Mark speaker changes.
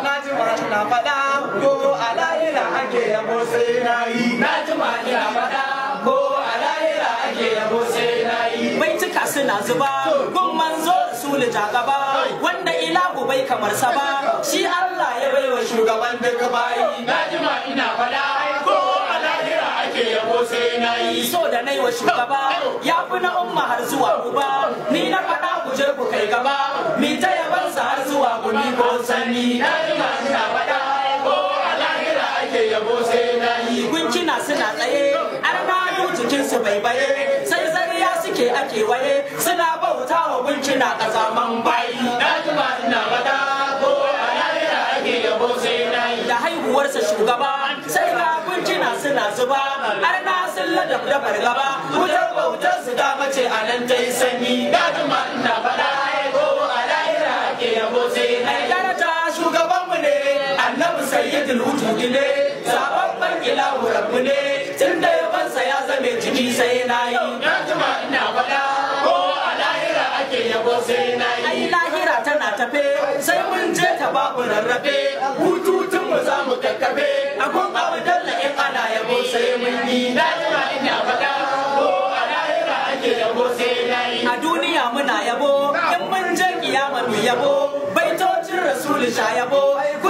Speaker 1: Na ji ma faɗa ko a lahira ake yabo sai na yi. Na ji ma faɗa ko a lahira ake yabo sai na yi. Bai cika suna zuba gun manzo sulu gaba wanda ilahu bai kamar sa ba shi Allah ya baiwa shugaban duka bayi. Na ji ma ina faɗa ko a lahira ake yabo sai na yi. So da nai wa shugaba ya fi na umma har zuwa uba ni na faɗa ku je ku kai gaba mi ta yabansa har zuwa ku ni ko sani. guncina suna tsaye arnadu jikinsu bai baye sai zariya suke ake waye suna bauta wa guncina kazaman bayi da haihuwarsa shugaba sai a guncina suna zuba arna sun dabar fargaba wutar bautar su ta mace a nan ta yi sanyi dajima ina faɗa ko a lahira ake yabo sai na shugabanmu ne annabi sayyidul wujudi gine. ni sai na yi na ina faɗa ko a lahira ake yabo sai na yi ai lahira tana tafe sai mun je ta babu rarrafe hututun mu za mu kakkafe akwai abu dalla in ana yabo sai mun yi na jima ina faɗa ko a lahira ake yabo sai na yi a duniya muna yabo in mun je kiyama mu yabo baitocin rasul sha yabo